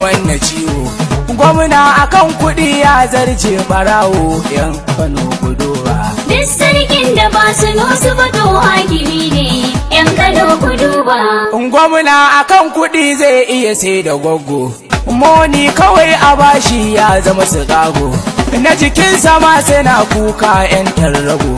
wannan ciwo gwamna akan kuɗi ya zarce barawo yan kano gudowa duk sarkin da ba su nusu ba to ne yan kano gudowa gwamna akan kuɗi zai iya sai da gwaggo moni kawai a bashi ya zama su gago. na jikin sama suna kuka yan tarrago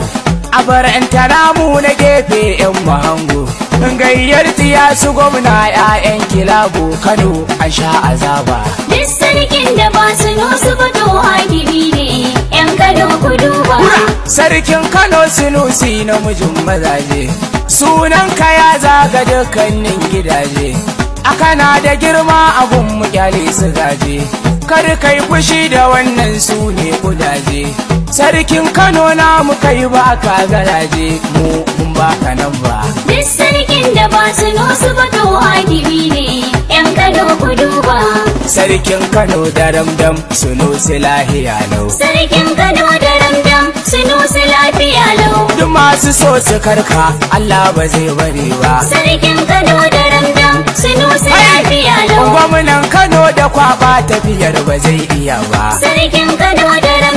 a bar yan taramu na gefe yan mahango gayyar tiya su gwamna 'ya'yan kilabu kano a sha azaba duk sarkin da ba su nusu ba to hakimi ne 'yan kano ku duba sarkin kano na namijin mazaje Sunan sunanka ya zaga dukkanin gidaje akana da girma abun mu su gaje kar kai fushi da wannan su ne kudaje sarkin kano na mu kai ba ka garaje mu mun ba ka nan ba sarkin da ba su nosu ba to ne yan kano ku duba sarkin kano daramdam su nosu lahiya lau sarkin kano da daramdam su nosu lafiya lau duk masu so su karka allah ba zai bari ba sarkin kano da daramdam su nosu lafiya lau gwamnan kano da kwaba tafiyar ba zai iya ba sarkin kano daramdam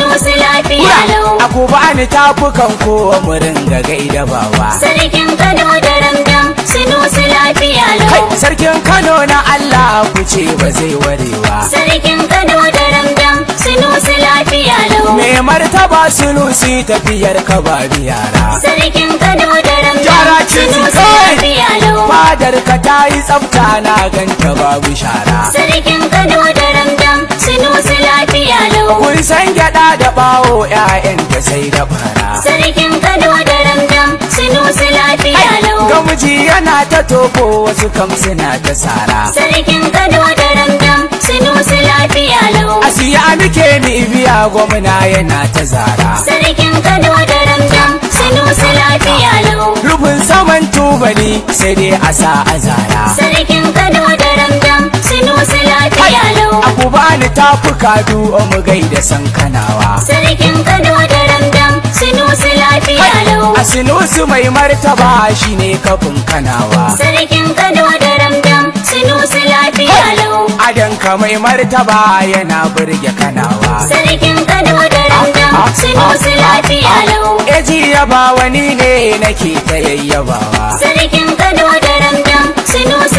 Sanusi lafiya lau. A gobe ani ta fi kanko mu ringa gaida baba. Sarkin Kano da ramdam Sanusi lafiya lau. Sarkin Kano na Allah ku ce ba zai warewa. Sarkin Kano da ramdam Sanusi lafiya lau. Me martaba Sanusi tafiyar ka ba biyara. Sarkin Kano da ramdam Sanusi lafiya lau. Fadar ka ta yi tsafta na ganta babu shara. Sarkin Kano da ramdam san gyada da bawo ƴaƴan ta sai da fara sarkin kado da ramdam sunusu lafiya lau gamji yana ta toko wasu kam suna ta sara sarkin kado da ramdam sunusu lafiya lau asiya muke ni biya gwamna yana ta zara sarkin kado da ramdam sunusu lafiya lau rufin saman tubali sai dai a sa a zara sarkin du kadu oh, mu gaida san kanawa sarkin kano da ramdam sinusu lafiya lau a sinusu mai martaba shine kafin kanawa sarkin kano da ramdam sinusu lafiya lau adan ka mai martaba yana burge kanawa sarkin kano da ah, ramdam ah, sinusu ah, lafiya lau eji yaba wani ne nake ta yayyabawa sarkin kano da ramdam sinusu